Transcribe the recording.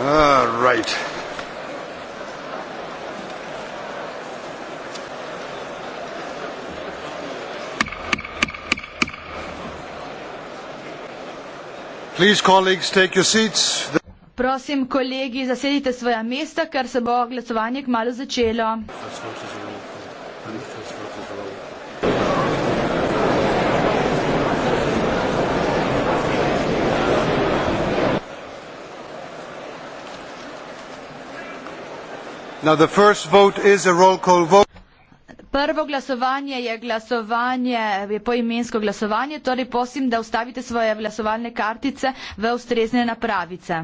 All right. Please, colleagues, take your seats. Prosim, kolegi, zasedite svoja mesta, ker se bo glasovanje kmalo začelo. Hvala. Prvo glasovanje je glasovanje, je poimensko glasovanje, torej prosim, da vstavite svoje glasovalne kartice v ustrezne napravice.